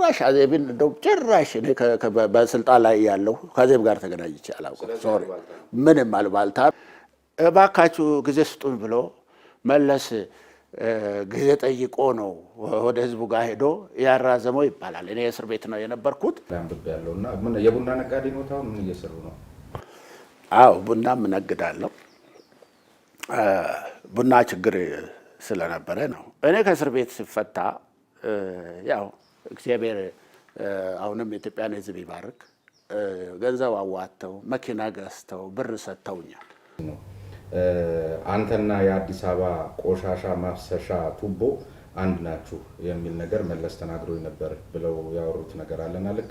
ጭራሽ አዜብን እንደው ጭራሽ በስልጣን ላይ ያለሁ ከአዜብ ጋር ተገናኝቼ አላውቅም። ሶሪ ምንም አልባልታ እባካችሁ ጊዜ ስጡኝ ብሎ መለስ ጊዜ ጠይቆ ነው ወደ ህዝቡ ጋር ሄዶ ያራዘመው ይባላል። እኔ እስር ቤት ነው የነበርኩት። የቡና ነጋዴ ኖታውን ምን እየሰሩ ነው? አዎ ቡናም እነግዳለሁ። ቡና ችግር ስለነበረ ነው እኔ ከእስር ቤት ሲፈታ ያው እግዚአብሔር አሁንም የኢትዮጵያን ሕዝብ ይባርክ። ገንዘብ አዋተው መኪና ገዝተው ብር ሰጥተውኛል። አንተና የአዲስ አበባ ቆሻሻ ማፍሰሻ ቱቦ አንድ ናችሁ የሚል ነገር መለስ ተናግሮ ነበር ብለው ያወሩት ነገር አለና ልክ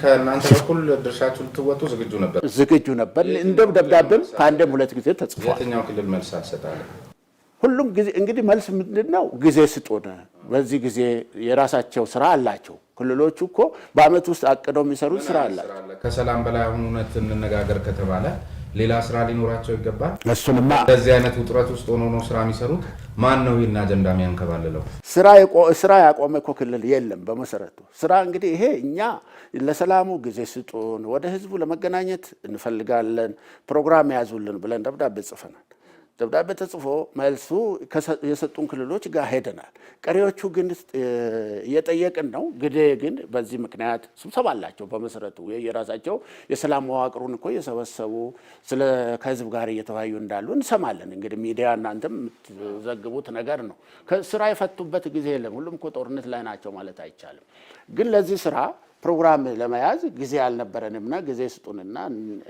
ከእናንተ በኩል ድርሻችሁ ልትወጡ ዝግጁ ነበር ዝግጁ ነበር። እንደም ደብዳቤም ከአንድም ሁለት ጊዜ ተጽፏል። የትኛው ክልል መልስ አልሰጣለም? ሁሉም ጊዜ እንግዲህ መልስ ምንድን ነው? ጊዜ ስጡን። በዚህ ጊዜ የራሳቸው ስራ አላቸው። ክልሎቹ እኮ በአመት ውስጥ አቅደው የሚሰሩት ስራ አላቸው። ከሰላም በላይ አሁን እውነት እንነጋገር ከተባለ ሌላ ስራ ሊኖራቸው ይገባል። እሱንማ እንደዚህ አይነት ውጥረት ውስጥ ሆኖ ነው ስራ የሚሰሩት። ማን ነው ይህን አጀንዳ የሚያንከባልለው? ስራ ያቆመ እኮ ክልል የለም። በመሰረቱ ስራ እንግዲህ ይሄ እኛ ለሰላሙ ጊዜ ስጡን፣ ወደ ህዝቡ ለመገናኘት እንፈልጋለን፣ ፕሮግራም ያዙልን ብለን ደብዳቤ ጽፈናል። ደብዳቤ ተጽፎ መልሱ የሰጡን ክልሎች ጋር ሄደናል። ቀሪዎቹ ግን እየጠየቅን ነው። ግዴ ግን በዚህ ምክንያት ስብሰባ አላቸው። በመሰረቱ የራሳቸው የሰላም መዋቅሩን እኮ እየሰበሰቡ ስለ ከህዝብ ጋር እየተወያዩ እንዳሉ እንሰማለን። እንግዲህ ሚዲያ እናንተም የምትዘግቡት ነገር ነው። ስራ የፈቱበት ጊዜ የለም። ሁሉም እኮ ጦርነት ላይ ናቸው ማለት አይቻልም። ግን ለዚህ ስራ ፕሮግራም ለመያዝ ጊዜ አልነበረንምና ጊዜ ስጡንና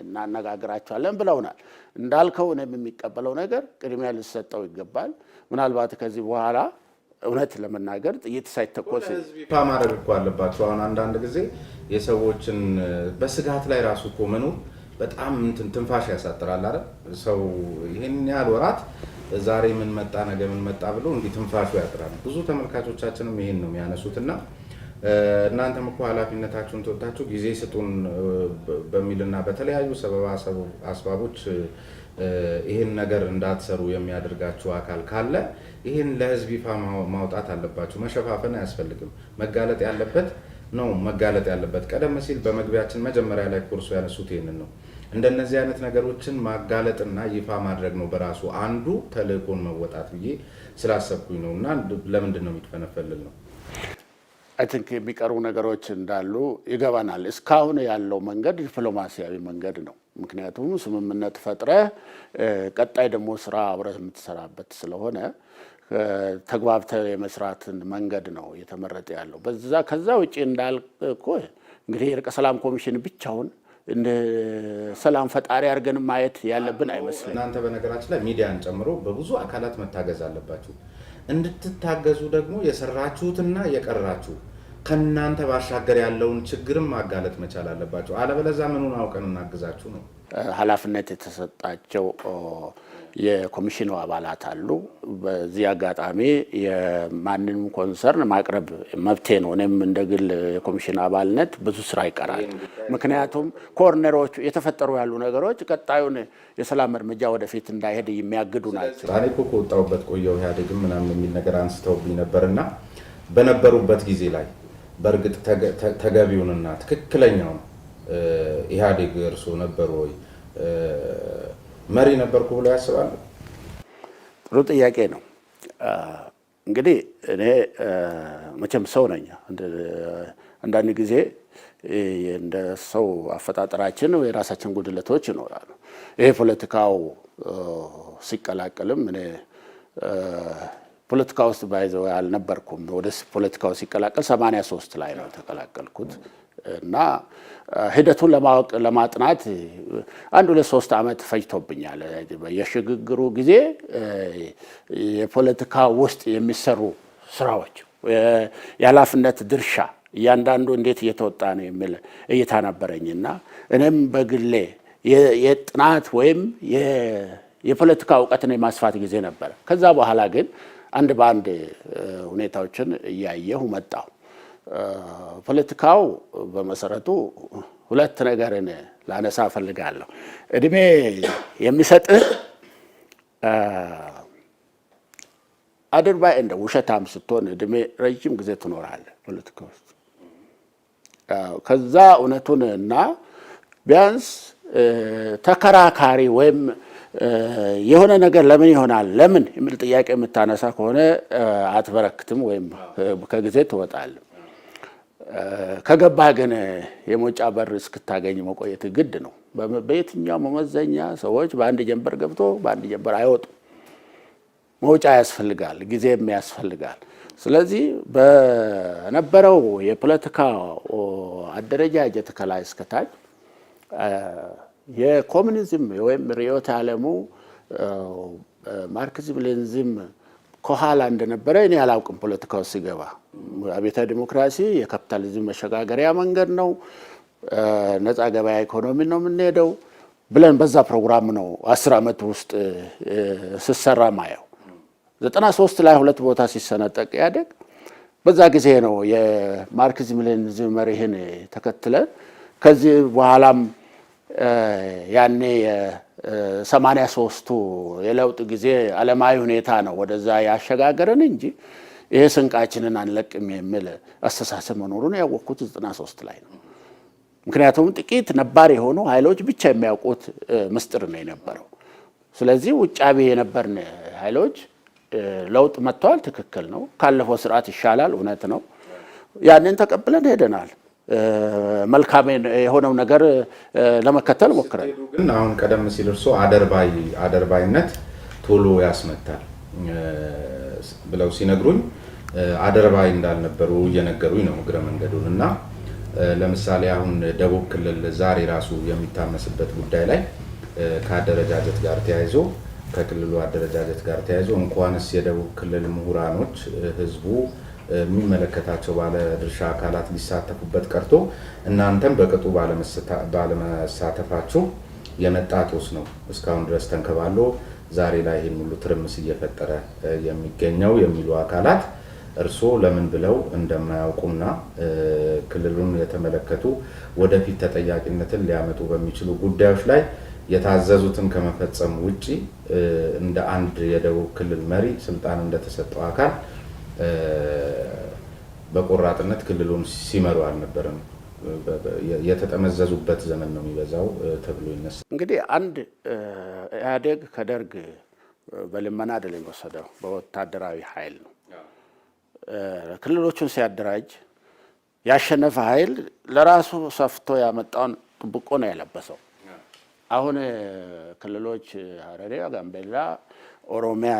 እናነጋግራቸዋለን ብለውናል። እንዳልከው እኔም የሚቀበለው ነገር ቅድሚያ ልሰጠው ይገባል። ምናልባት ከዚህ በኋላ እውነት ለመናገር ጥይት ሳይተኮስ ይፋ ማድረግ እኮ አለባቸው። አሁን አንዳንድ ጊዜ የሰዎችን በስጋት ላይ ራሱ እኮ መኖር በጣም እንትን ትንፋሽ ያሳጥራል አረ ሰው ይህን ያህል ወራት ዛሬ ምን መጣ ነገ ምን መጣ ብሎ እንዲህ ትንፋሹ ያጥራል። ብዙ ተመልካቾቻችንም ይህን ነው የሚያነሱትና እናንተም እኮ ኃላፊነታችሁን ተወታችሁ ጊዜ ስጡን በሚልና በተለያዩ ሰበባ አስባቦች ይህን ነገር እንዳትሰሩ የሚያደርጋችሁ አካል ካለ ይህን ለህዝብ ይፋ ማውጣት አለባችሁ። መሸፋፈን አያስፈልግም። መጋለጥ ያለበት ነው መጋለጥ ያለበት። ቀደም ሲል በመግቢያችን መጀመሪያ ላይ ኮርሶ ያነሱት ይህንን ነው። እንደነዚህ አይነት ነገሮችን ማጋለጥና ይፋ ማድረግ ነው በራሱ አንዱ ተልእኮን መወጣት ብዬ ስላሰብኩኝ ነው። እና ለምንድን ነው የሚትፈነፈልል ነው አይ ቲንክ የሚቀሩ ነገሮች እንዳሉ ይገባናል። እስካሁን ያለው መንገድ ዲፕሎማሲያዊ መንገድ ነው። ምክንያቱም ስምምነት ፈጥረ ቀጣይ ደግሞ ስራ አብረህ የምትሰራበት ስለሆነ ተግባብተ የመስራትን መንገድ ነው እየተመረጠ ያለው። በዛ ከዛ ውጭ እንዳልኩ እንግዲህ የእርቀ ሰላም ኮሚሽን ብቻውን እንደ ሰላም ፈጣሪ አድርገን ማየት ያለብን አይመስልም። እናንተ በነገራችን ላይ ሚዲያን ጨምሮ በብዙ አካላት መታገዝ አለባችሁ። እንድትታገዙ ደግሞ የሰራችሁትና የቀራችሁ ከእናንተ ባሻገር ያለውን ችግርም ማጋለጥ መቻል አለባቸው። አለበለዛ ምኑን አውቀን እናግዛችሁ ነው። ኃላፊነት የተሰጣቸው የኮሚሽኑ አባላት አሉ። በዚህ አጋጣሚ የማንንም ኮንሰርን ማቅረብ መብቴ ነው። እኔም እንደ ግል የኮሚሽን አባልነት ብዙ ስራ ይቀራል። ምክንያቱም ኮርነሮቹ የተፈጠሩ ያሉ ነገሮች ቀጣዩን የሰላም እርምጃ ወደፊት እንዳይሄድ የሚያግዱ ናቸው። እኔ እኮ ከወጣሁበት ቆየው ኢህአዴግም ምናምን የሚል ነገር አንስተውብኝ ነበር እና በነበሩበት ጊዜ ላይ በእርግጥ ተገቢውንና ትክክለኛውን ኢህአዴግ እርሱ ነበሩ ወይ መሪ ነበርኩ ብሎ ያስባሉ? ጥሩ ጥያቄ ነው። እንግዲህ እኔ መቼም ሰው ነኝ። አንዳንድ ጊዜ እንደ ሰው አፈጣጠራችን የራሳችን ጉድለቶች ይኖራሉ። ይሄ ፖለቲካው ሲቀላቀልም እኔ ፖለቲካ ውስጥ ባይዘው አልነበርኩም። ወደ ፖለቲካው ሲቀላቀል 83 ላይ ነው የተቀላቀልኩት እና ሂደቱን ለማወቅ ለማጥናት አንድ ሁለት ሶስት ዓመት ፈጅቶብኛል። የሽግግሩ ጊዜ የፖለቲካ ውስጥ የሚሰሩ ስራዎች፣ የኃላፊነት ድርሻ እያንዳንዱ እንዴት እየተወጣ ነው የሚል እይታ ነበረኝና እኔም በግሌ የጥናት ወይም የፖለቲካ እውቀትን የማስፋት ጊዜ ነበረ። ከዛ በኋላ ግን አንድ በአንድ ሁኔታዎችን እያየሁ መጣሁ። ፖለቲካው በመሰረቱ ሁለት ነገርን ላነሳ እፈልጋለሁ። እድሜ የሚሰጥህ አድርባይ እንደ ውሸታም ስትሆን እድሜ ረጅም ጊዜ ትኖራለህ ፖለቲካ ውስጥ። ከዛ እውነቱን እና ቢያንስ ተከራካሪ ወይም የሆነ ነገር ለምን ይሆናል ለምን የሚል ጥያቄ የምታነሳ ከሆነ አትበረክትም ወይም ከጊዜ ትወጣል። ከገባህ ግን የመውጫ በር እስክታገኝ መቆየት ግድ ነው። በየትኛው መመዘኛ ሰዎች በአንድ ጀንበር ገብቶ በአንድ ጀንበር አይወጡም። መውጫ ያስፈልጋል፣ ጊዜም ያስፈልጋል። ስለዚህ በነበረው የፖለቲካ አደረጃጀት ከላይ እስከታች የኮሚኒዝም ወይም ርዕዮተ ዓለሙ ማርክሲም ሌኒኒዝም ከኋላ እንደነበረ እኔ አላውቅም። ፖለቲካው ሲገባ አብዮታዊ ዲሞክራሲ የካፒታሊዝም መሸጋገሪያ መንገድ ነው፣ ነፃ ገበያ ኢኮኖሚ ነው የምንሄደው ብለን በዛ ፕሮግራም ነው አስር ዓመት ውስጥ ስሰራ ማየው። ዘጠና ሶስት ላይ ሁለት ቦታ ሲሰነጠቅ ያደግ በዛ ጊዜ ነው የማርክሲም ሌኒኒዝም መሪህን ተከትለን ከዚህ በኋላም ያኔ ሰማንያ ሶስቱ የለውጥ ጊዜ አለማዊ ሁኔታ ነው ወደዛ ያሸጋገረን እንጂ ይሄ ስንቃችንን አንለቅም የሚል አስተሳሰብ መኖሩን ያወቅኩት ዘጠና ሶስት ላይ ነው። ምክንያቱም ጥቂት ነባር የሆኑ ኃይሎች ብቻ የሚያውቁት ምስጢር ነው የነበረው። ስለዚህ ውጫቤ የነበርን ኃይሎች ለውጥ መጥተዋል፣ ትክክል ነው፣ ካለፈው ስርዓት ይሻላል፣ እውነት ነው፣ ያንን ተቀብለን ሄደናል። መልካም የሆነው ነገር ለመከተል ሞክራል። ግን አሁን ቀደም ሲል እርስዎ አደርባይ አደርባይነት ቶሎ ያስመታል ብለው ሲነግሩኝ አደርባይ እንዳልነበሩ እየነገሩኝ ነው እግረ መንገዱን እና ለምሳሌ አሁን ደቡብ ክልል ዛሬ ራሱ የሚታመስበት ጉዳይ ላይ ከአደረጃጀት ጋር ተያይዞ ከክልሉ አደረጃጀት ጋር ተያይዞ እንኳንስ የደቡብ ክልል ምሁራኖች ህዝቡ የሚመለከታቸው ባለድርሻ አካላት ሊሳተፉበት ቀርቶ እናንተም በቅጡ ባለመሳተፋችሁ የመጣ ጦስ ነው እስካሁን ድረስ ተንከባሎ ዛሬ ላይ ይህን ሁሉ ትርምስ እየፈጠረ የሚገኘው የሚሉ አካላት እርስዎ ለምን ብለው እንደማያውቁና ክልሉን የተመለከቱ ወደፊት ተጠያቂነትን ሊያመጡ በሚችሉ ጉዳዮች ላይ የታዘዙትን ከመፈጸም ውጪ እንደ አንድ የደቡብ ክልል መሪ ስልጣን እንደተሰጠው አካል በቆራጥነት ክልሉን ሲመሩ አልነበረም። የተጠመዘዙበት ዘመን ነው የሚበዛው ተብሎ ይነሳል። እንግዲህ አንድ ኢህአዴግ ከደርግ በልመና አይደለም የወሰደው፣ በወታደራዊ ኃይል ነው ክልሎቹን ሲያደራጅ ያሸነፈ ኃይል ለራሱ ሰፍቶ ያመጣውን ጥብቆ ነው ያለበሰው። አሁን ክልሎች ሀረሪ፣ ጋምቤላ ኦሮሚያ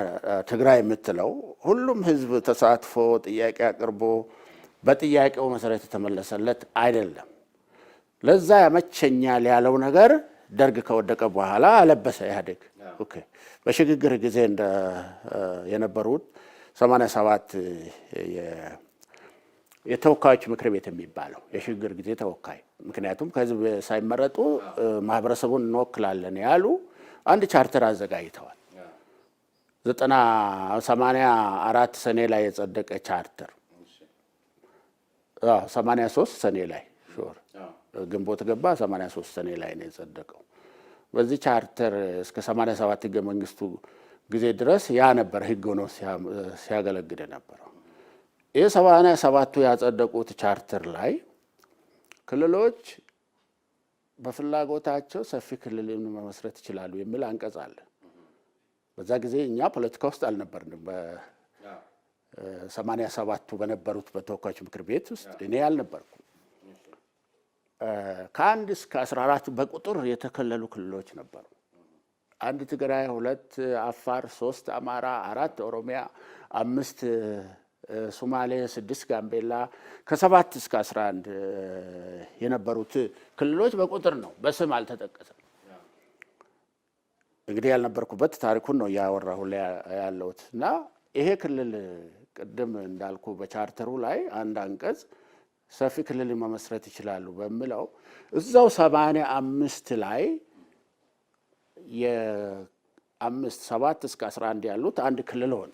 ትግራይ የምትለው ሁሉም ህዝብ ተሳትፎ ጥያቄ አቅርቦ በጥያቄው መሰረት የተመለሰለት አይደለም። ለዛ ያመቸኛል ያለው ነገር ደርግ ከወደቀ በኋላ አለበሰ ኢህአዴግ። በሽግግር ጊዜ የነበሩት 87 የተወካዮች ምክር ቤት የሚባለው የሽግግር ጊዜ ተወካይ ምክንያቱም ከህዝብ ሳይመረጡ ማህበረሰቡን እንወክላለን ያሉ አንድ ቻርተር አዘጋጅተዋል። ዘጠና ሰማንያ አራት ሰኔ ላይ የጸደቀ ቻርተር ሰማንያ ሶስት ሰኔ ላይ ግንቦት ገባ ሰማንያ ሶስት ሰኔ ላይ ነው የጸደቀው። በዚህ ቻርተር እስከ ሰማንያ ሰባት ህገ መንግስቱ ጊዜ ድረስ ያ ነበር ህግ ሆኖ ሲያገለግል ነበረው። ይህ ሰማንያ ሰባቱ ያጸደቁት ቻርተር ላይ ክልሎች በፍላጎታቸው ሰፊ ክልል መመስረት ይችላሉ የሚል አንቀጽ አለ። በዛ ጊዜ እኛ ፖለቲካ ውስጥ አልነበርንም። በሰማንያ ሰባቱ በነበሩት በተወካዮች ምክር ቤት ውስጥ እኔ አልነበርኩ። ከአንድ እስከ አስራ አራት በቁጥር የተከለሉ ክልሎች ነበሩ። አንድ ትግራይ፣ ሁለት አፋር፣ ሶስት አማራ፣ አራት ኦሮሚያ፣ አምስት ሶማሌ፣ ስድስት ጋምቤላ ከሰባት እስከ አስራ አንድ የነበሩት ክልሎች በቁጥር ነው፣ በስም አልተጠቀሰም። እንግዲህ ያልነበርኩበት ታሪኩን ነው እያወራሁ ያለሁት እና ይሄ ክልል ቅድም እንዳልኩ በቻርተሩ ላይ አንድ አንቀጽ ሰፊ ክልል መመስረት ይችላሉ በሚለው እዛው ሰማንያ አምስት ላይ የአምስት ሰባት እስከ አስራ አንድ ያሉት አንድ ክልል ሆነ።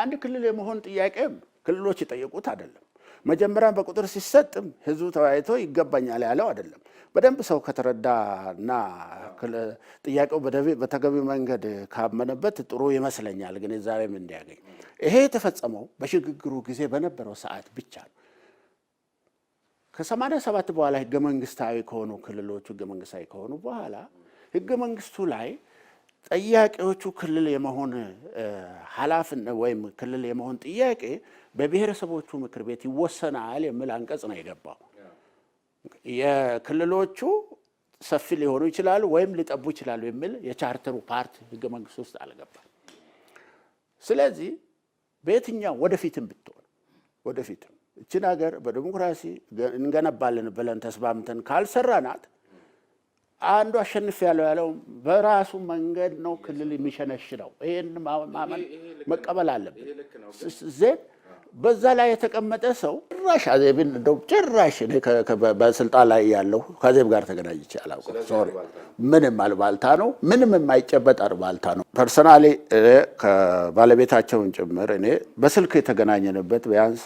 አንድ ክልል የመሆን ጥያቄም ክልሎች የጠየቁት አይደለም። መጀመሪያም በቁጥር ሲሰጥም ህዝቡ ተወያይቶ ይገባኛል ያለው አይደለም። በደንብ ሰው ከተረዳ ና ጥያቄው በተገቢ መንገድ ካመነበት ጥሩ ይመስለኛል፣ ግንዛቤም እንዲያገኝ። ይሄ የተፈጸመው በሽግግሩ ጊዜ በነበረው ሰዓት ብቻ ነው። ከሰማንያ ሰባት በኋላ ህገ መንግስታዊ ከሆኑ ክልሎቹ ህገ መንግስታዊ ከሆኑ በኋላ ህገ መንግስቱ ላይ ጠያቄዎቹ ክልል የመሆን ኃላፊነት ወይም ክልል የመሆን ጥያቄ በብሔረሰቦቹ ምክር ቤት ይወሰናል የሚል አንቀጽ ነው የገባው። የክልሎቹ ሰፊ ሊሆኑ ይችላሉ ወይም ሊጠቡ ይችላሉ የሚል የቻርተሩ ፓርት ህገ መንግስት ውስጥ አልገባም። ስለዚህ በየትኛው ወደፊትም ብትሆን ወደፊትም እችን ሀገር በዲሞክራሲ እንገነባለን ብለን ተስማምተን ካልሰራናት አንዱ አሸንፍ ያለው ያለው በራሱ መንገድ ነው ክልል የሚሸነሽ ነው። ይህን ማመን መቀበል አለብን። በዛ ላይ የተቀመጠ ሰው ጭራሽ አዜብን እንደው ጭራሽ በስልጣን ላይ ያለው ከአዜብ ጋር ተገናኝቼ አላውቅም። ሶሪ ምንም አልባልታ ነው፣ ምንም የማይጨበጥ አልባልታ ነው። ፐርሰናሊ ከባለቤታቸውን ጭምር እኔ በስልክ የተገናኘንበት ቢያንስ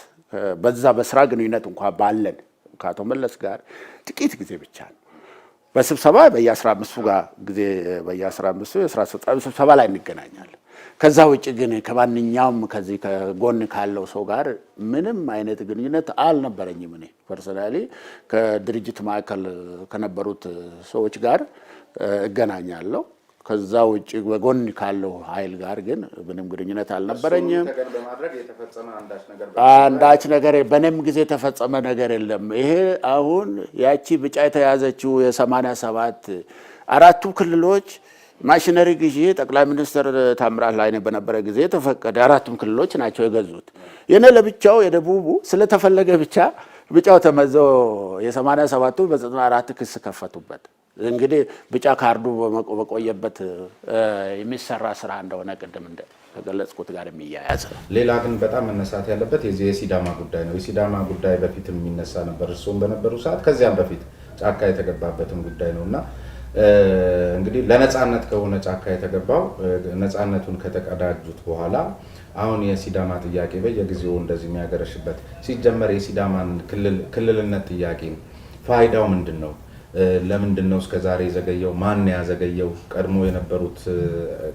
በዛ በስራ ግንኙነት እንኳ ባለን ከአቶ መለስ ጋር ጥቂት ጊዜ ብቻ ነው። በስብሰባ በየ15ቱ ጋር ጊዜ በየ15ቱ የስራ ስብሰባ ላይ እንገናኛለን። ከዛ ውጭ ግን ከማንኛውም ከዚህ ከጎን ካለው ሰው ጋር ምንም አይነት ግንኙነት አልነበረኝም። እኔ ፐርሰናሊ ከድርጅት ማዕከል ከነበሩት ሰዎች ጋር እገናኛለሁ። ከዛ ውጭ በጎን ካለው ኃይል ጋር ግን ምንም ግንኙነት አልነበረኝም። አንዳች ነገር በእኔም ጊዜ የተፈጸመ ነገር የለም። ይሄ አሁን ያቺ ብጫ የተያዘችው የሰማንያ ሰባት አራቱ ክልሎች ማሽነሪ ግዢ ጠቅላይ ሚኒስትር ታምራት ላይኔ በነበረ ጊዜ የተፈቀደ አራቱም ክልሎች ናቸው የገዙት። የነ ለብቻው የደቡቡ ስለተፈለገ ብቻ ብጫው ተመዘው የሰማንያ ሰባቱ በዘጠና አራት ክስ ከፈቱበት። እንግዲህ ቢጫ ካርዱ በቆየበት የሚሰራ ስራ እንደሆነ ቅድም እንደ ከገለጽኩት ጋር የሚያያዝ ነው። ሌላ ግን በጣም መነሳት ያለበት የዚህ የሲዳማ ጉዳይ ነው። የሲዳማ ጉዳይ በፊትም የሚነሳ ነበር፣ እርስዎም በነበሩ ሰዓት፣ ከዚያም በፊት ጫካ የተገባበትን ጉዳይ ነው እና እንግዲህ ለነፃነት ከሆነ ጫካ የተገባው ነፃነቱን ከተቀዳጁት በኋላ አሁን የሲዳማ ጥያቄ በየጊዜው እንደዚህ የሚያገረሽበት ሲጀመር የሲዳማን ክልልነት ጥያቄ ፋይዳው ምንድን ነው? ለምንድን ነው እስከዛሬ የዘገየው? ማን ያዘገየው? ቀድሞ የነበሩት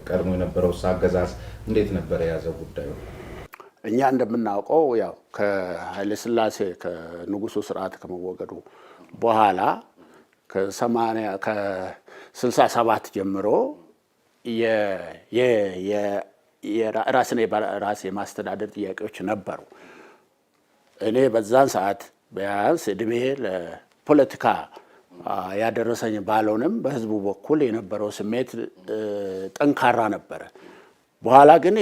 ቀድሞ የነበረው አገዛዝ እንዴት ነበረ የያዘው ጉዳዩ? እኛ እንደምናውቀው ያው ከኃይለስላሴ ከንጉሱ ስርዓት ከመወገዱ በኋላ ከ ጀምሮ ራስን ራስ የማስተዳደር ጥያቄዎች ነበሩ። እኔ በዛን ሰዓት ቢያንስ እድሜ ለፖለቲካ ያደረሰኝ ባልሆንም በህዝቡ በኩል የነበረው ስሜት ጠንካራ ነበረ። በኋላ ግን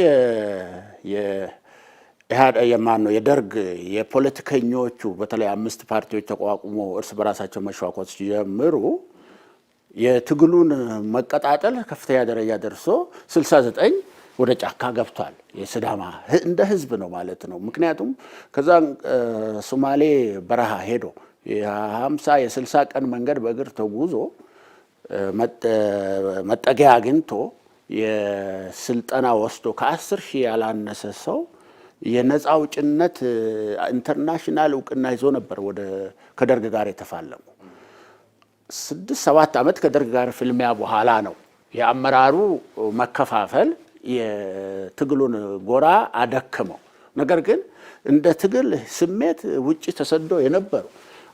የማን ነው የደርግ የፖለቲከኞቹ በተለይ አምስት ፓርቲዎች ተቋቁሞ እርስ በራሳቸው መሸዋኮት ሲጀምሩ የትግሉን መቀጣጠል ከፍተኛ ደረጃ ደርሶ 69 ወደ ጫካ ገብቷል። የስዳማ እንደ ህዝብ ነው ማለት ነው። ምክንያቱም ከዛ ሶማሌ በረሃ ሄዶ የ50 የ60 ቀን መንገድ በእግር ተጉዞ መጠጊያ አግኝቶ የስልጠና ወስዶ ከአስር ሺህ ያላነሰ ሰው የነፃ አውጭነት ኢንተርናሽናል እውቅና ይዞ ነበር ወደ ከደርግ ጋር የተፋለሙ። ስድስት ሰባት ዓመት ከደርግ ጋር ፍልሚያ በኋላ ነው የአመራሩ መከፋፈል የትግሉን ጎራ አደክመው። ነገር ግን እንደ ትግል ስሜት ውጭ ተሰዶ የነበሩ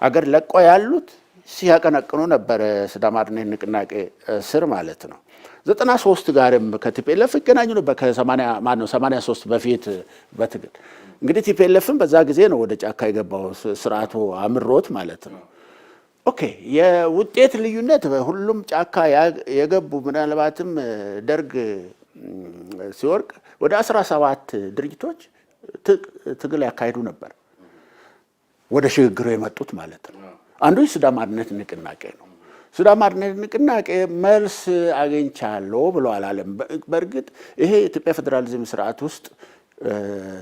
አገር ለቆ ያሉት ሲያቀነቅኑ ነበር። ሲዳማ ንቅናቄ ስር ማለት ነው። ዘጠና ሶስት ጋርም ከቲፒኤልኤፍ ይገናኙ ነበር። ከሰማንያ ነው ሰማንያ ሶስት በፊት በትግል እንግዲህ ቲፒኤልኤፍም በዛ ጊዜ ነው ወደ ጫካ የገባው ስርዓቱ አምሮት ማለት ነው። ኦኬ የውጤት ልዩነት ሁሉም ጫካ የገቡ ምናልባትም ደርግ ሲወርቅ ወደ አስራ ሰባት ድርጅቶች ትግል ያካሄዱ ነበር ወደ ሽግግሩ የመጡት ማለት ነው። አንዱ የሲዳማነት ንቅናቄ ነው። ሲዳማ አንድነት ንቅናቄ መልስ አግኝቻለሁ ብለዋል አለም። በእርግጥ ይሄ የኢትዮጵያ ፌዴራሊዝም ስርዓት ውስጥ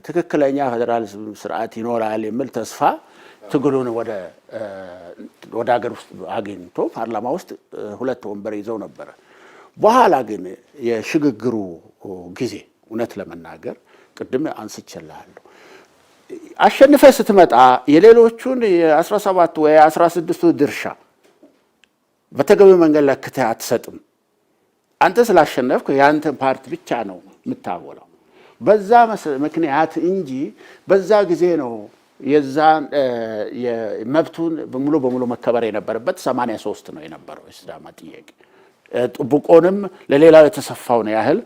ትክክለኛ ፌዴራሊዝም ስርዓት ይኖራል የሚል ተስፋ ትግሉን ወደ ሀገር ውስጥ አግኝቶ ፓርላማ ውስጥ ሁለት ወንበር ይዘው ነበረ። በኋላ ግን የሽግግሩ ጊዜ እውነት ለመናገር ቅድም አንስቼልሃለሁ አሸንፈ ስትመጣ የሌሎቹን የ17 ወይ 16ቱ ድርሻ በተገቢ መንገድ ለክተህ አትሰጥም። አንተ ስላሸነፍክ የአንተ ፓርት ብቻ ነው የምታወላው። በዛ ምክንያት እንጂ በዛ ጊዜ ነው የዛ መብቱን ሙሉ በሙሉ መከበር የነበረበት። 83 ነው የነበረው የስዳማ ጥያቄ። ጥብቆንም ለሌላው የተሰፋውን ያህል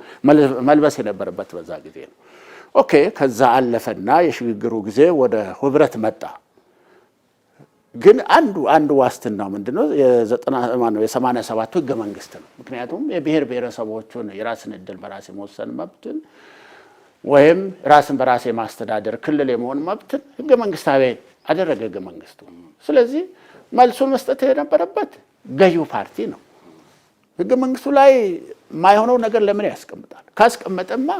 መልበስ የነበረበት በዛ ጊዜ ነው። ኦኬ ከዛ አለፈና የሽግግሩ ጊዜ ወደ ህብረት መጣ። ግን አንዱ አንዱ ዋስትናው ምንድነው? የሰማንያ ሰባቱ ህገ መንግስት ነው። ምክንያቱም የብሔር ብሔረሰቦቹን የራስን እድል በራስ የመወሰን መብትን ወይም ራስን በራስ የማስተዳደር ክልል የመሆን መብትን ህገ መንግስታዊ አደረገ ህገ መንግስቱ። ስለዚህ መልሱ መስጠት የነበረበት ገዢው ፓርቲ ነው። ህገ መንግስቱ ላይ የማይሆነው ነገር ለምን ያስቀምጣል? ካስቀመጠማ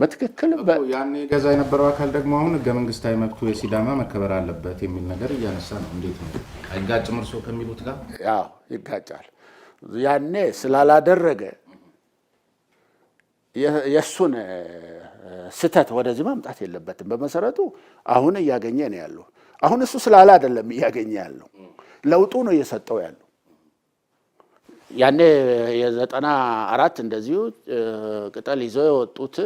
በትክክል ያኔ ገዛ የነበረው አካል ደግሞ አሁን ህገ መንግስታዊ መብቱ የሲዳማ መከበር አለበት የሚል ነገር እያነሳ ነው። እንዴት ነው አይጋጭም? እርሶ ከሚሉት ጋር ያው ይጋጫል። ያኔ ስላላደረገ የእሱን ስህተት ወደዚህ ማምጣት የለበትም። በመሰረቱ አሁን እያገኘ ነው ያለው። አሁን እሱ ስላላ አይደለም እያገኘ ያለው ለውጡ ነው እየሰጠው ያለው። ያኔ የዘጠና አራት እንደዚሁ ቅጠል ይዘው የወጡት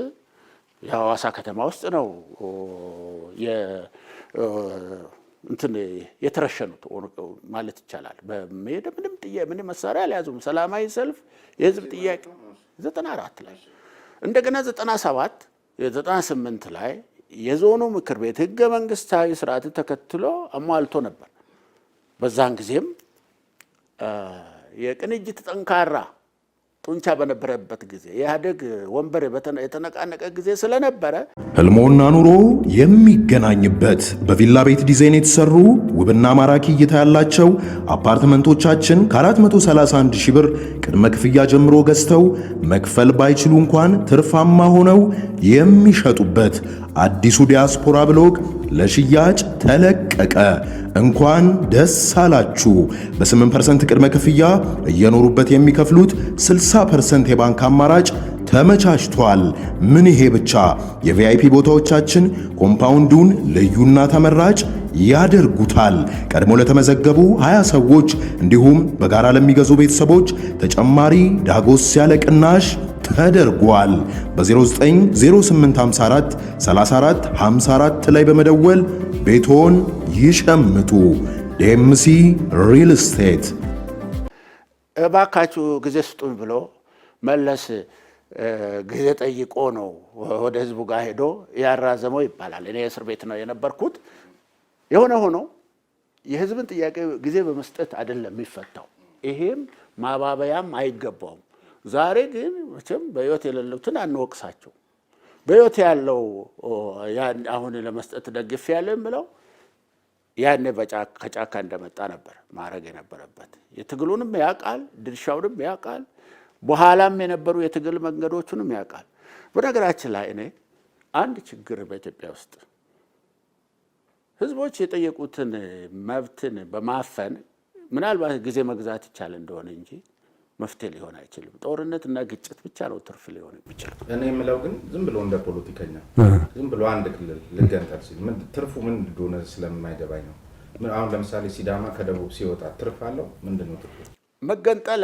የሐዋሳ ከተማ ውስጥ ነው እንትን የተረሸኑት ማለት ይቻላል። በመሄደ ምንም ጥያቄ ምንም መሳሪያ አልያዙም። ሰላማዊ ሰልፍ የህዝብ ጥያቄ ዘጠና አራት ላይ እንደገና ዘጠና ሰባት ዘጠና ስምንት ላይ የዞኑ ምክር ቤት ህገ መንግስታዊ ስርዓት ተከትሎ አሟልቶ ነበር። በዛን ጊዜም የቅንጅት ጠንካራ ጡንቻ በነበረበት ጊዜ ኢህአዴግ ወንበር የተነቃነቀ ጊዜ ስለነበረ ህልሞና ኑሮ የሚገናኝበት በቪላ ቤት ዲዛይን የተሰሩ ውብና ማራኪ እይታ ያላቸው አፓርትመንቶቻችን ከ431 ሺህ ብር ቅድመ ክፍያ ጀምሮ ገዝተው መክፈል ባይችሉ እንኳን ትርፋማ ሆነው የሚሸጡበት አዲሱ ዲያስፖራ ብሎግ ለሽያጭ ተለቀቀ። እንኳን ደስ አላችሁ። በ8% ቅድመ ክፍያ እየኖሩበት የሚከፍሉት 60% የባንክ አማራጭ ተመቻችቷል። ምን ይሄ ብቻ! የቪአይፒ ቦታዎቻችን ኮምፓውንዱን ልዩና ተመራጭ ያደርጉታል። ቀድሞ ለተመዘገቡ 20 ሰዎች እንዲሁም በጋራ ለሚገዙ ቤተሰቦች ተጨማሪ ዳጎስ ያለ ቅናሽ ተደርጓል። በ090854 34 ላይ በመደወል ቤቶን ይሸምቱ። ዴምሲ ሪል ስቴት። እባካችሁ ጊዜ ስጡኝ ብሎ መለስ ጊዜ ጠይቆ ነው ወደ ህዝቡ ጋር ሄዶ ያራዘመው ይባላል። እኔ እስር ቤት ነው የነበርኩት። የሆነ ሆኖ የህዝብን ጥያቄ ጊዜ በመስጠት አይደለም የሚፈታው። ይሄም ማባበያም አይገባውም። ዛሬ ግን መቼም በሕይወት የሌሉትን አንወቅሳቸው። በሕይወት ያለው አሁን ለመስጠት ደግፍ ያለ የምለው ያኔ ከጫካ እንደመጣ ነበር ማድረግ የነበረበት። የትግሉንም ያውቃል፣ ድርሻውንም ያውቃል፣ በኋላም የነበሩ የትግል መንገዶቹንም ያውቃል። በነገራችን ላይ እኔ አንድ ችግር በኢትዮጵያ ውስጥ ህዝቦች የጠየቁትን መብትን በማፈን ምናልባት ጊዜ መግዛት ይቻል እንደሆነ እንጂ መፍትሄ ሊሆን አይችልም። ጦርነት እና ግጭት ብቻ ነው ትርፍ ሊሆን የሚችለው። እኔ የምለው ግን ዝም ብሎ እንደ ፖለቲከኛ ዝም ብሎ አንድ ክልል ልገንጠል ሲል ትርፉ ምን እንደሆነ ስለማይገባኝ ነው። አሁን ለምሳሌ ሲዳማ ከደቡብ ሲወጣ ትርፍ አለው? ምንድን ነው ትርፉ? መገንጠል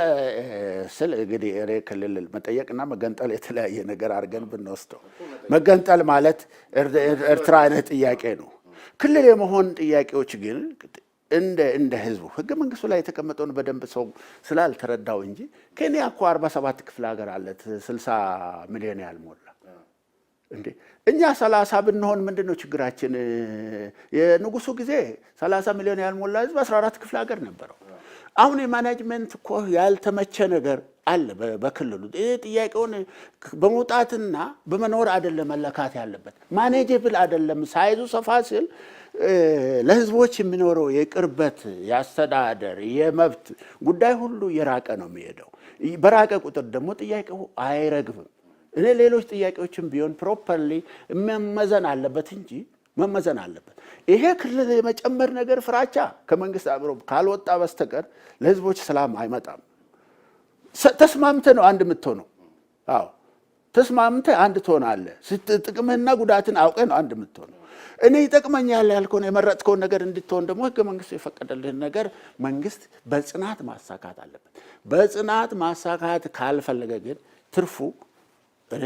ስል እንግዲህ እኔ ክልል መጠየቅና መገንጠል የተለያየ ነገር አድርገን ብንወስደው መገንጠል ማለት ኤርትራ አይነት ጥያቄ ነው። ክልል የመሆን ጥያቄዎች ግን እንደ እንደ ህዝቡ ህገ መንግስቱ ላይ የተቀመጠውን በደንብ ሰው ስላልተረዳው እንጂ ኬንያ እኮ 47 ክፍለ ሀገር አለት 60 ሚሊዮን ያልሞላ እንዴ እኛ 30 ብንሆን ምንድን ነው ችግራችን? የንጉሱ ጊዜ 30 ሚሊዮን ያልሞላ ህዝብ 14 ክፍለ ሀገር ነበረው። አሁን የማናጅመንት እኮ ያልተመቸ ነገር አለ በክልሉ። ይህ ጥያቄውን በመውጣትና በመኖር አይደለም መለካት ያለበት። ማኔጀብል አይደለም ሳይዙ ሰፋ ሲል ለህዝቦች የሚኖረው የቅርበት የአስተዳደር የመብት ጉዳይ ሁሉ እየራቀ ነው የሚሄደው። በራቀ ቁጥር ደግሞ ጥያቄው አይረግብም። እኔ ሌሎች ጥያቄዎችን ቢሆን ፕሮፐርሊ መመዘን አለበት እንጂ መመዘን አለበት። ይሄ ክልል የመጨመር ነገር ፍራቻ ከመንግስት አብሮ ካልወጣ በስተቀር ለህዝቦች ሰላም አይመጣም። ተስማምተ ነው አንድ የምትሆነው። አዎ ተስማምተ አንድ ትሆናለህ። ጥቅምህና ጉዳትን አውቀ ነው አንድ የምትሆነው። እኔ ይጠቅመኛል ያልከውን የመረጥከውን ነገር እንድትሆን ደግሞ ህገ መንግስቱ የፈቀደልህን ነገር መንግስት በጽናት ማሳካት አለበት። በጽናት ማሳካት ካልፈለገ ግን ትርፉ እኔ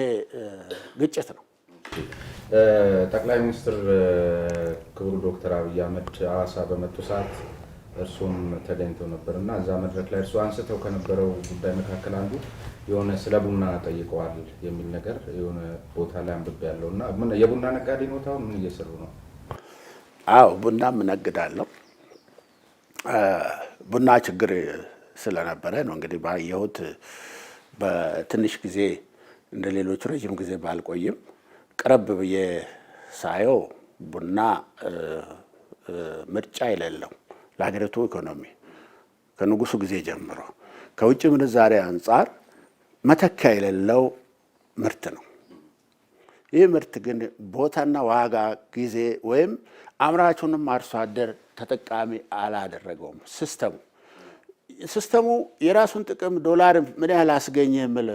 ግጭት ነው። ጠቅላይ ሚኒስትር ክቡር ዶክተር አብይ አህመድ አዋሳ በመጡ ሰዓት እርሱም ተገኝተው ነበር እና እዛ መድረክ ላይ እርሱ አንስተው ከነበረው ጉዳይ መካከል አንዱ የሆነ ስለ ቡና ጠይቀዋል የሚል ነገር የሆነ ቦታ ላይ አንብቤ ያለው እና የቡና ነጋዴ ቦታው ምን እየሰሩ ነው? አዎ ቡናም እነግዳለሁ። ቡና ችግር ስለነበረ ነው እንግዲህ ባየሁት በትንሽ ጊዜ እንደ ሌሎች ረዥም ጊዜ ባልቆይም ቀረብ ብዬ ሳየው ቡና ምርጫ የሌለው ለሀገሪቱ ኢኮኖሚ ከንጉሱ ጊዜ ጀምሮ ከውጭ ምንዛሬ አንጻር መተኪያ የሌለው ምርት ነው። ይህ ምርት ግን ቦታና ዋጋ፣ ጊዜ ወይም አምራቹንም አርሶ አደር ተጠቃሚ አላደረገውም። ሲስተሙ ሲስተሙ የራሱን ጥቅም ዶላር ምን ያህል አስገኘ የሚል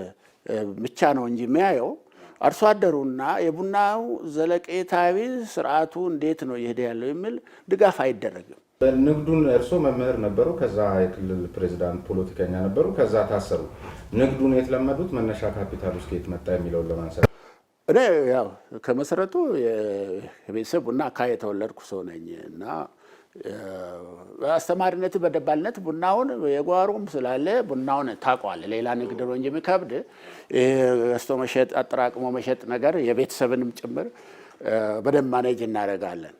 ብቻ ነው እንጂ የሚያየው አርሶ አደሩና የቡናው ዘለቄታዊ ስርዓቱ እንዴት ነው እየሄደ ያለው የሚል ድጋፍ አይደረግም። ንግዱን እርሶ መምህር ነበሩ፣ ከዛ የክልል ፕሬዚዳንት ፖለቲከኛ ነበሩ፣ ከዛ ታሰሩ። ንግዱን የተለመዱት መነሻ ካፒታል ውስጥ የት መጣ የሚለውን ለማንሳት እኔ ያው ከመሰረቱ የቤተሰብ ቡና አካባቢ የተወለድኩ ሰው ነኝ እና አስተማሪነት በደባልነት ቡናውን የጓሮም ስላለ ቡናውን ታቋል። ሌላ ንግድ ነው እንጂ የሚከብድ ገዝቶ መሸጥ አጠራቅሞ መሸጥ ነገር የቤተሰብንም ጭምር በደንብ ማኔጅ እናደርጋለን።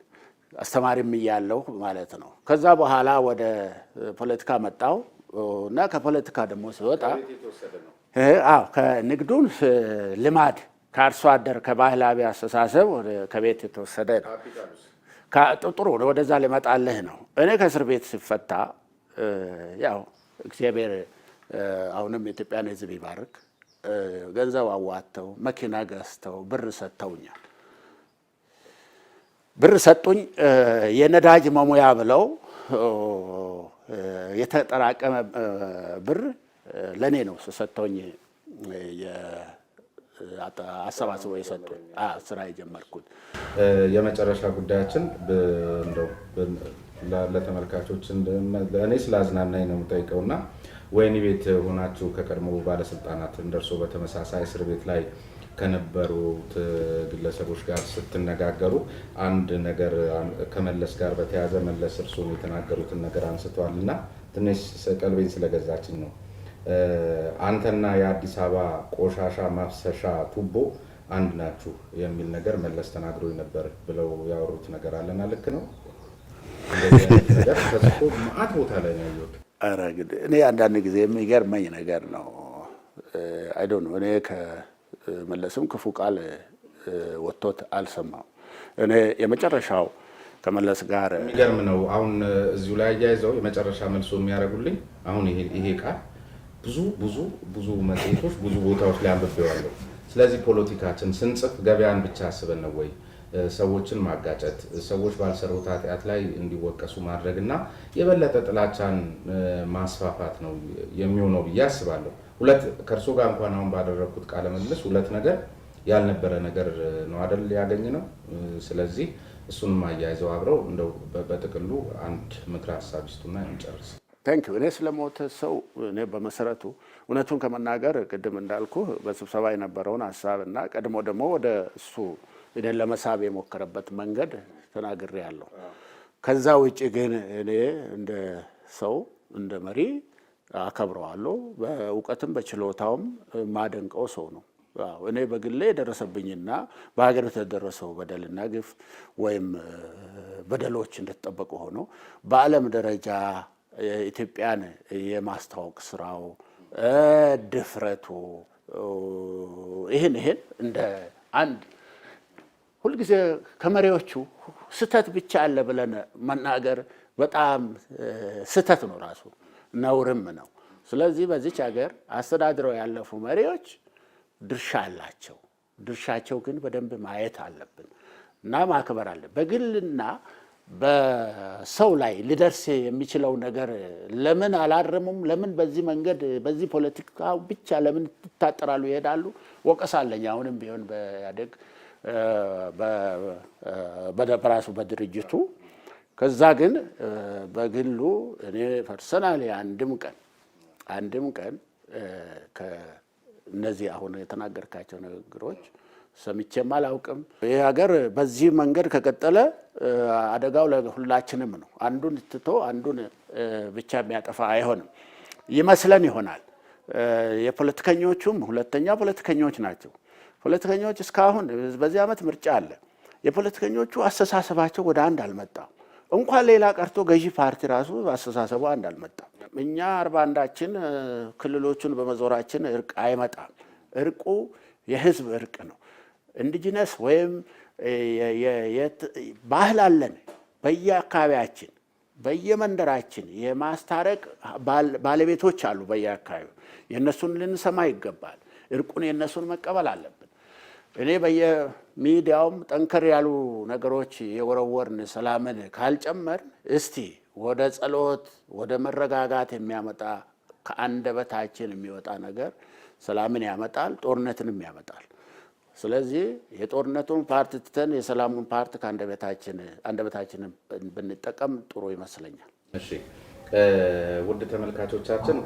አስተማሪም እያለሁ ማለት ነው። ከዛ በኋላ ወደ ፖለቲካ መጣው እና ከፖለቲካ ደግሞ ሲወጣ ከንግዱን ልማድ ከአርሶ አደር ከባህላዊ አስተሳሰብ ከቤት የተወሰደ ነው። ጥሩ ወደዛ ሊመጣልህ ነው። እኔ ከእስር ቤት ሲፈታ ያው እግዚአብሔር አሁንም የኢትዮጵያን ሕዝብ ይባርክ። ገንዘብ አዋተው መኪና ገዝተው ብር ሰጥተውኛል። ብር ሰጡኝ። የነዳጅ መሙያ ብለው የተጠራቀመ ብር ለእኔ ነው ሰጥተውኝ አሰባስበው የሰጡን ስራ የጀመርኩት። የመጨረሻ ጉዳያችን ለተመልካቾች እኔ ስላዝናናኝ ነው የምጠይቀውና ወህኒ ቤት ሆናችሁ ከቀድሞ ባለስልጣናት እንደርሶ በተመሳሳይ እስር ቤት ላይ ከነበሩት ግለሰቦች ጋር ስትነጋገሩ አንድ ነገር ከመለስ ጋር በተያያዘ መለስ እርስዎን የተናገሩትን ነገር አንስተዋል እና ትንሽ ቀልቤን ስለገዛችን ነው አንተና የአዲስ አበባ ቆሻሻ ማፍሰሻ ቱቦ አንድ ናችሁ የሚል ነገር መለስ ተናግሮ ነበር ብለው ያወሩት ነገር አለና ልክ ነው። ማአት ቦታ ላይ ነው ያየሁት። ኧረ እኔ አንዳንድ ጊዜ የሚገርመኝ ነገር ነው። አይ ዶንት ኖ እኔ ከመለስም ክፉ ቃል ወጥቶት አልሰማም። እኔ የመጨረሻው ከመለስ ጋር የሚገርም ነው። አሁን እዚሁ ላይ አያይዘው የመጨረሻ መልሶ የሚያደርጉልኝ አሁን ይሄ ቃል ብዙ ብዙ ብዙ መጽሔቶች ብዙ ቦታዎች ላይ አንብቤዋለሁ። ስለዚህ ፖለቲካችን ስንጽፍ ገበያን ብቻ አስበን ነው ወይ? ሰዎችን ማጋጨት፣ ሰዎች ባልሰሩት ኃጢአት ላይ እንዲወቀሱ ማድረግ እና የበለጠ ጥላቻን ማስፋፋት ነው የሚሆነው ብዬ አስባለሁ። ሁለት ከእርሶ ጋር እንኳን አሁን ባደረግኩት ቃለ ምልልስ ሁለት ነገር ያልነበረ ነገር ነው አደል ያገኝ ነው። ስለዚህ እሱንም አያይዘው አብረው እንደው በጥቅሉ አንድ ምክር ሀሳብ ይስጡና እንጨርስ። ታንክ ዩ። እኔ ስለሞተ ሰው እኔ በመሰረቱ እውነቱን ከመናገር ቅድም እንዳልኩ በስብሰባ የነበረውን ሀሳብ እና ቀድሞ ደግሞ ወደ እሱ እኔን ለመሳብ የሞከረበት መንገድ ተናግሬ ያለው። ከዛ ውጭ ግን እኔ እንደ ሰው እንደ መሪ አከብረዋለሁ። በእውቀትም በችሎታውም ማደንቀው ሰው ነው። እኔ በግሌ የደረሰብኝና በሀገር የተደረሰው በደልና ግፍ ወይም በደሎች እንደተጠበቁ ሆኖ በዓለም ደረጃ ኢትዮጵያን የማስታወቅ ስራው ድፍረቱ ይህን ይህን እንደ አንድ ሁልጊዜ ከመሪዎቹ ስህተት ብቻ አለ ብለን መናገር በጣም ስህተት ነው፣ ራሱ ነውርም ነው። ስለዚህ በዚች ሀገር አስተዳድረው ያለፉ መሪዎች ድርሻ አላቸው። ድርሻቸው ግን በደንብ ማየት አለብን እና ማክበር አለ በግልና በሰው ላይ ሊደርስ የሚችለው ነገር ለምን አላርሙም ለምን በዚህ መንገድ በዚህ ፖለቲካ ብቻ ለምን ትታጠራሉ ይሄዳሉ? ወቀሳለኝ አሁንም ቢሆን በኢህአዴግ በራሱ በድርጅቱ ከዛ ግን በግሉ እኔ ፐርሰናሊ አንድም ቀን አንድም ቀን ከእነዚህ አሁን የተናገርካቸው ንግግሮች ሰምቼም አላውቅም። ይህ ሀገር በዚህ መንገድ ከቀጠለ አደጋው ለሁላችንም ነው። አንዱን ትቶ አንዱን ብቻ የሚያጠፋ አይሆንም ይመስለን ይሆናል። የፖለቲከኞቹም ሁለተኛ ፖለቲከኞች ናቸው። ፖለቲከኞች እስካሁን በዚህ ዓመት ምርጫ አለ። የፖለቲከኞቹ አስተሳሰባቸው ወደ አንድ አልመጣም። እንኳን ሌላ ቀርቶ ገዢ ፓርቲ ራሱ አስተሳሰቡ አንድ አልመጣም። እኛ አርባ አንዳችን ክልሎቹን በመዞራችን እርቅ አይመጣም። እርቁ የህዝብ እርቅ ነው። ኢንዲጂነስ ወይም ባህል አለን በየአካባቢያችን በየመንደራችን የማስታረቅ ባለቤቶች አሉ በየአካባቢው የእነሱን ልንሰማ ይገባል። እርቁን የእነሱን መቀበል አለብን። እኔ በየሚዲያውም ጠንከር ያሉ ነገሮች የወረወርን ሰላምን ካልጨመርን እስቲ ወደ ጸሎት፣ ወደ መረጋጋት የሚያመጣ ከአንደበታችን የሚወጣ ነገር ሰላምን ያመጣል፣ ጦርነትንም ያመጣል። ስለዚህ የጦርነቱን ፓርት ትተን የሰላሙን ፓርት ከአንደበታችን ብንጠቀም ጥሩ ይመስለኛል። ውድ ተመልካቾቻችን